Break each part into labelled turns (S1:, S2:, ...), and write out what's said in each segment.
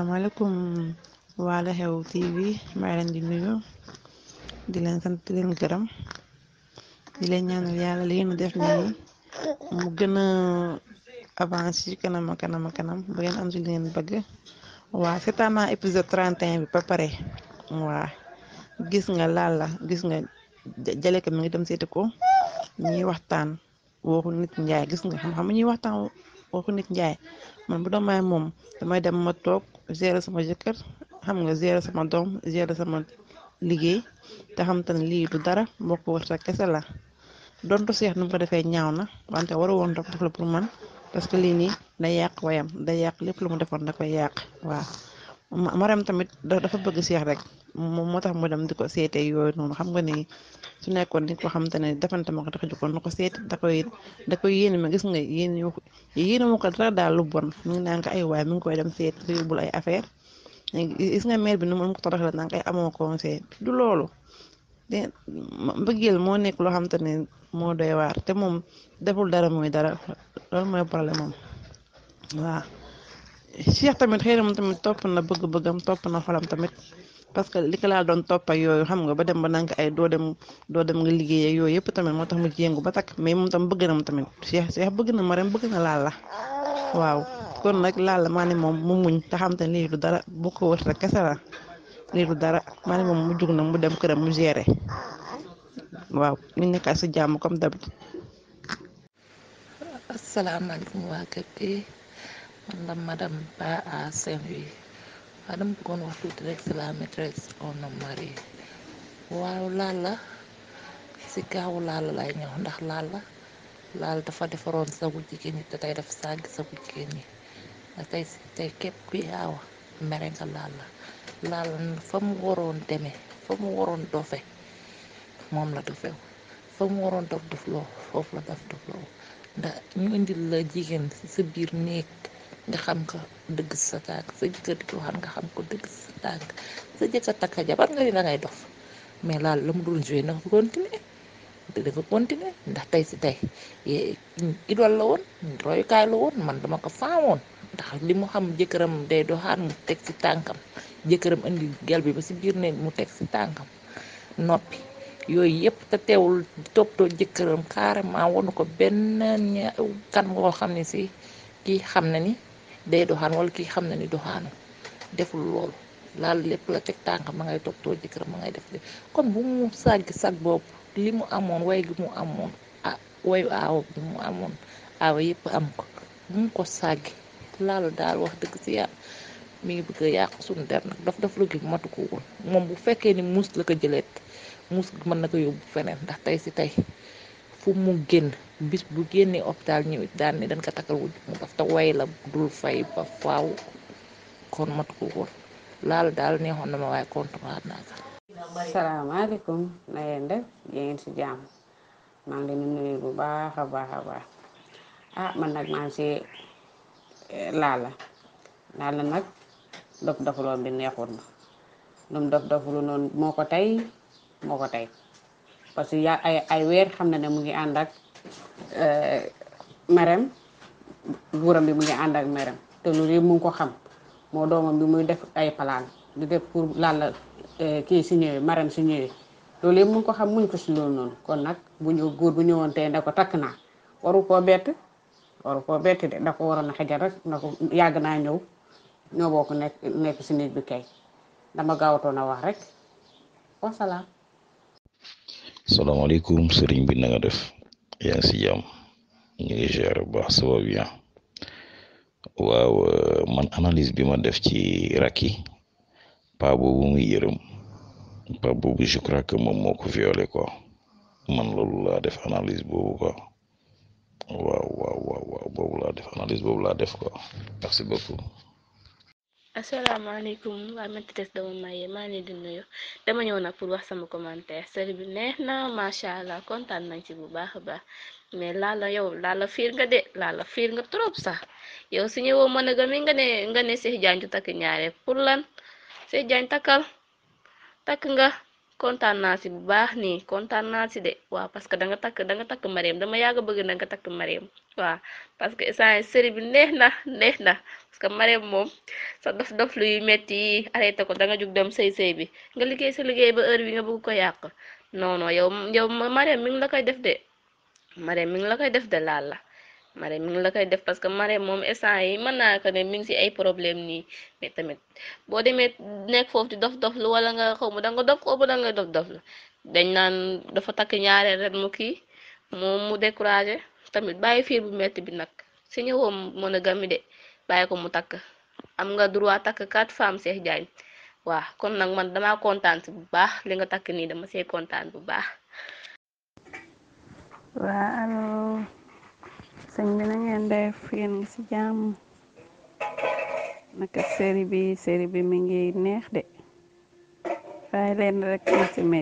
S1: asalaamaaleykum waa Lu Xew TV maa leen di nuyu di sant di leen gërëm di leen ñaanal yàlla li def nii mu gën a avancé ci kanam a kanam a kanam ba ngeen am ci li ngeen bëgg waa seetaan naa épisode 31 bi ba pare waa gis nga laal la gis nga jale ko mi ngi dem seeti ko ñuy waxtaan waxu nit njaay gis nga xam-xam ñuy waxtaan waxu nit njaay man bu doon moom damay dem ma toog. gérer sama jëkkër xam nga gérer sama doom gérer sama liggéey te xam te ne lii du dara boo mbokk warta kese la doon dontu seex nu mu ko defee ñaaw na wante waru woon def la pour man parce que lii nii day yàq wayam day yàq lépp lu mu defoon da koy yàq waaw Maram tamit dafa bëgg Cheikh rek moo tax mu dem di ko seete yooyu noonu xam nga ni su nekkoon di ko xam te ne defante ma ko tax jukkoon na ko seete da koy da koy ma gis nga yéen yu yéen mu ko dara daal lu bon mi ngi naan ay waay mi ngi koy dem seet ko yóbbul ay affaire gis nga maire bi nu mu ko tax la naan ay amoo conseil du loolu de mbëggeel moo nekk loo xam te ne moo doy waar te moom deful dara mooy dara loolu mooy problème am waaw. Cheikh tamit xëy moom tamit topp na bëgg-bëggam topp na xolam tamit parce que li ko laa doon topp ak yooyu xam nga ba dem ba nank ay doo dem doo dem nga liggéey yooyu yëpp tamit moo tax mu jéngu ba takk mais moom tam bëgg na mu tamit Cheikh Cheikh bëgg na Marème bëgg na Lalla waaw kon nag Lalla maa ne moom mu muñ te ne lii du dara bu ko wër rek kese la du na mu dem këram mu géré waaw ñu nekkaat si jàmm kom d'habitude.
S2: asalaamaaleykum man la Ba à Saint-Louis waa dama bëggoon wax tuuti rek si la maîtresse d'un homme marié waaw Lalla si kaawu Lalla lay ñëw ndax Lalla Lalla dafa defaroon sagu jigéen ñi te tey dafa sàgg sagu jigéen ñi ndax tey tey képp kuy aawa mere nga Lalla Lalla fa mu waroon demee fa mu waroon dofe moom la dofew fa mu waroon dof dof la daf ndax ñu indil la jigéen ci sa biir néeg nga xam ko dëgg si sa tànk sa jëkkër di ko nga xam ko dëgg sa tànk sa jëkkër takk jabar nga ni da ngay mais laal la mu dul joué na ko continuer dafa continuer ndax tey si tey idol la woon royukaay la woon man dama ko faamoon ndax li mu xam jëkkëram day doxaan mu teg si tànkam jëkkëram indi gel bi ba si biir ne mu teg si tànkam noppi yooyu yëpp te teewul toppatoo jëkkëram carrément wanu ko benn kan woo xam ne si kii xam na ni day doxaan wala kii xam na ni doxaanu deful loolu laal lépp la teg tànkam ma ngay toog too jëkkëram ma ngay def de kon bu mu sàggi sag boobu li mu amoon way gi mu amoon ah wayu aaw bi mu amoon aaw yëpp am ko bu mu ko sàggi laal daal wax dëgg si yàlla mi ngi bëgg a suñu der nag daf daf lu gi matu ko woon moom bu fekkee ni muus la ko jëleet muus mën na ko yóbbu feneen ndax tey si tey fu mu génn bis bu génnee hôpital ñëw daan ne dañ ko takkal wujj mu daf te way la dul fay ba faaw kon mat ko woon laal daal neexoon na ma waaye kontumaat naa ko. salaamaaleykum na ngeen def yéen si jàmm maa ngi leen di nuyu bu baax a baax a
S3: baax ah man nag maa ngi si eh, laala laala nag dof dofloon bi neexoon na lu mu dof doflu noonu moo ko tey moo ko tey. parce que ya ay ay weer xam na ne mu ngi ànd ak euh, merem buuram bi mu ngi ànd ak merem te loolu yëpp mu ko xam moo doomam bi muy def ay palaan di def pour Lalla euh, kii si ñëwee marem si ñëwee loolu yëpp mu ko xam muñ ko si loolu noonu kon nag bu ñëw góor bu ñëwoon tey ne ko takk naa waru koo bett waru koo bett de da waroon a xajal rek na yàgg naa ñëw ñoo bokk nekk si nit bi kay dama gaawatoon a wax rek
S4: wasalaam
S1: salaamaaleykum sëriñ bi na def yaa ngi si jàmm ñu waaw euh, man analyse bi ma def ci Racky pa boobu muy yërëm pa boobu je crois que ko violé quoi man loolu laa def analyse boobu quoi waaw waaw waaw waaw laa def analyse boobu laa def quoi merci beaucoup.
S4: asalaamaaleykum waa maîtresse dama maye maa ngi leen di nuyu dama ñëw na pour wax sama commentaire série bi neex na macha allah kontaan nañ ci bu baax a baax mais laala yow laala fiir nga de laala fiir nga trop sax yow si ñëwoo mën a gëm nga ne nga ne Cheikh Diagne takk ñaare pour lan Cheikh Diagne takkal takk nga. kontaan naa si bu baax nii kontaan naa si de waaw parce que da nga takk da nga takk Marème dama yàgg bëgg da nga takk Marème waa parce que instant série bi neex na neex na parce que Marème moom sa dof dof luy metti yi arrêté ko danga jug dem sëy sëy bi nga liggéey sa liggéey ba heure bi nga bëgg ko yàq non non yow yow Marème mi ngi la koy def de Marème mi ngi la koy def de laal la mare mi la koy def parce que mare moom instant yi mën naa ko ne mi ngi si ay problème nii mais tamit boo demee nekk foofu di dof dof lu wala nga xaw ma danga nga dof xaw ma nga dof dof la dañ naan dafa takk ñaareel ren mu kii moom mu découragé tamit bàyyi fiir bu metti bi nag si ñëwoom mën a gami de bàyyi ko mu takk am nga droit takk quatre femmes Cheikh Diagne waaw kon nag man damaa kontaan si bu baax li nga takk nii dama see kontaan bu baax.
S3: waaw allo. sëñ bi ngeen def yéen nga ci jàmm naka série bi série bi mi ngi neex de bàyyi leen rek ma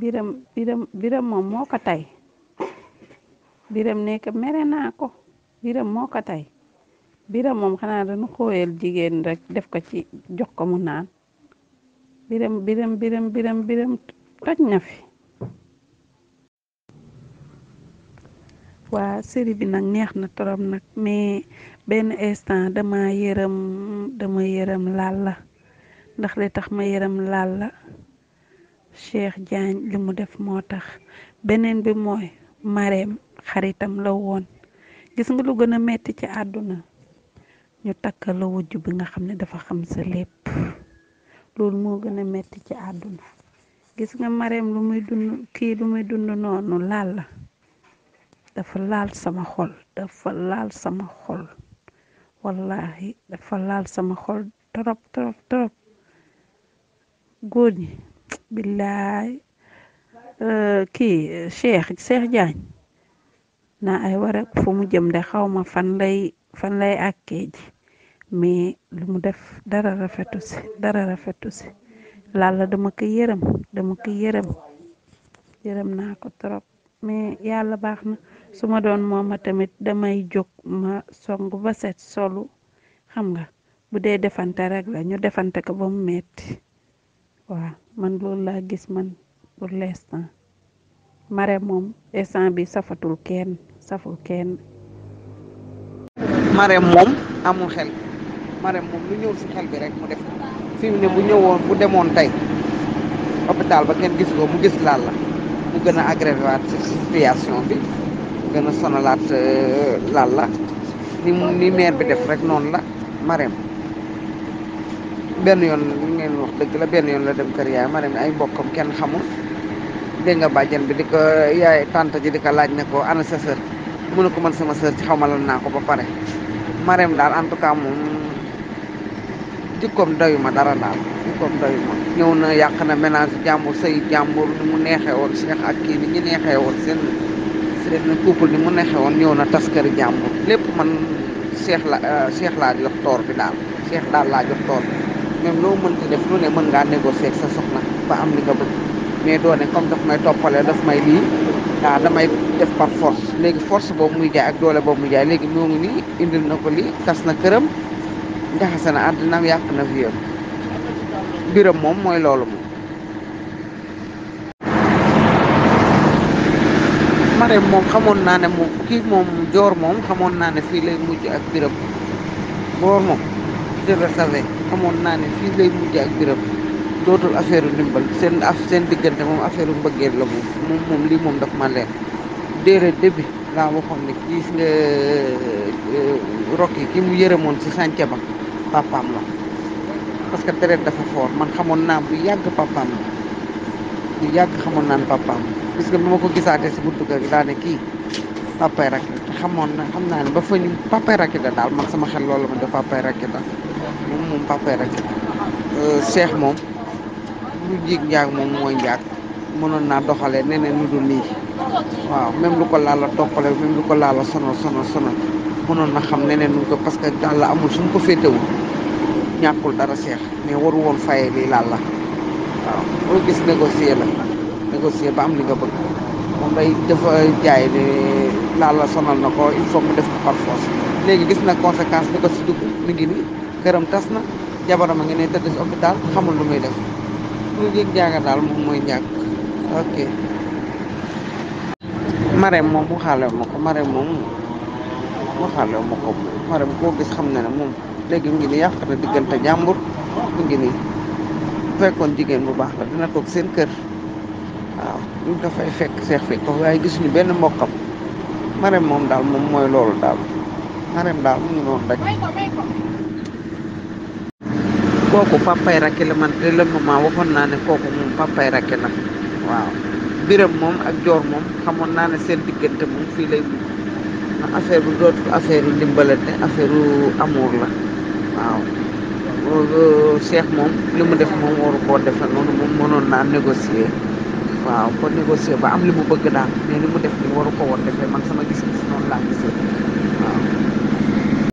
S3: biram biram moom moo ko tey biram nekk mere naa ko biram moo ko tay biram moom xanaa dañu xooyal jigéen rek def ko ci jox ko mu naan biram biram biram biram toj na fi waa série bi nag neex na trop nag mais benn instant dama yërëm dama yërëm laal la ndax li tax ma yërëm laal la Cheikh Diagne mu def moo tax beneen bi mooy mareem xaritam la woon gis nga lu gën a metti ci àdduna ñu takk la bi nga xam ne dafa xam sa lépp loolu moo gën a metti ci àdduna gis nga mareem lu muy dund kii lu muy dund noonu laal la dafa laal sama xol dafa laal sama xol wallahi dafa laal sama xol trop trop trop góor ñi billaay euh, kii Cheikh Cheikh Diagne na ay war fu mu jëm de xaw ma fan lay fan lay àkkee ji mais lu mu def dara rafetu si dara rafetu si Lalla dama ko yërëm dama ko yërëm yërëm naa ko trop mais yàlla baax na. su ma doon moom a tamit damay jóg ma song ba set solu xam nga bu dee defante rek la ñu defante ko ba mu metti waa man loolu laa gis man pour l'instant mare moom bi safatul kenn
S5: kenn mare moom amul xel mare moom lu ñëw si xel bi rek mu def fi mu ne bu ñëwoon bu demoon tey hôpital ba kenn gis ko mu gis laal la mu gën a aggravé waat bi gën a sonalaat euh, lal la ni ni maire bi def rek noonu la Marème benn yoon li ngeen wax dëgg la benn yoon la dem kër yaay Marème ay mbokkam kenn xamul dégg nga bàjjen bi di ko yaay tante ji di ko laaj ne ko ana sa sœur mu ne ko man sama sœur ci xaw ma lan naa ko ba pare Marème daal en tout cas moom jikkoom doyu dara daal jikkoom doyu ñëw na yàq na ménage jàmbur sëy jàmbur mu neexee woon kii ni ñu neexee woon seen si def couple ni mu nexe woon ñëw na tas kër jàmbur lépp man seex la seex euh, laa jox bi daal seex daal laa jox toor bi même loo mënti def lu ne mën ngaa négocier ak sa soxna ba am ni nga bëgg mais doo ne comme dafa may toppalee dafa may lii ah damay def par léegi force boobu muy jaay ak doole boobu mu jaay léegi moo ngi nii indil na ko lii tas na këram njaxase na àddinaam yàq na fi biram moom mooy loolu moom après moom xamoon naa ne moom kii moom joor moom xamoon naa ne fii lay mujj ak birëb boor moom je le xamoon naa ne fii lay mujj ak birëb dootul affaire u ndimbal seen af seen diggante moom affaire u mbëggeel la moom moom lii moom daf ma leer déere début laa waxoon ne gis nga euh, euh, rok yi ki mu yërëmoon si sànce ba papaam la parce que deret dafa foor man xamoon naa bu yàgg papaam la bu yàgg xamoon naan papaam que bu ma ko gisaatee si buntu kër gi daa kii papay rakki te xamoon na xam naa ne ba fa ñu da daal sama xel loolu ma def papay rakki da moom moom papay rakki da euh, Cheikh moom lu moom mooy njaag mënoon naa doxalee neneen lu dul lii waaw même lu ko laala toppale même lu ko laala sonal sonal sonal mënoon na xam neneen lu ko parce que daal la amul suñ ko féetewul ñàkkul dara Cheikh mais waru woon fayee lii laal la waaw boo gis négocier la négocier ba am li nga bëgg moom day dafa jaay ne laal la sonal na ko il faut mu def ko par léegi gis na conséquence bi ko si dugg mi ngi nii këram tas na jabaram a ngi ne tëdd si hôpital xamul lu muy def mu jéeg jaaga daal moom mooy ñàkk ok Marème moom mu xaale ma ko Marème moom mu ko gis xam na ne moom léegi mu ngi nii yàq na diggante jàmbur mu ngi nii fekkoon jigéen bu baax la dina toog seen kër waaw ñu ko fekk seex fekk ko waaye gisuñu benn mbokkam marem moom daal moom mooy loolu daal marem daal mu ngi noonu
S4: rek
S5: kooku papay rakki la man te le naa ne kooku moom papay rakki la waaw ak joor moom xamoon naa ne seen diggante moom fii lay mujj ndax affaire bu dootul affaire yu ndimbalante affaire yu la waaw Cheikh moom li mu def moom waru koo defe noonu moom mënoon naa négocier waaw ko négocier ba am li mu bëgg daal mais li mu def ni waru ko woon defe man sama gis-gis noonu laa gisee waaw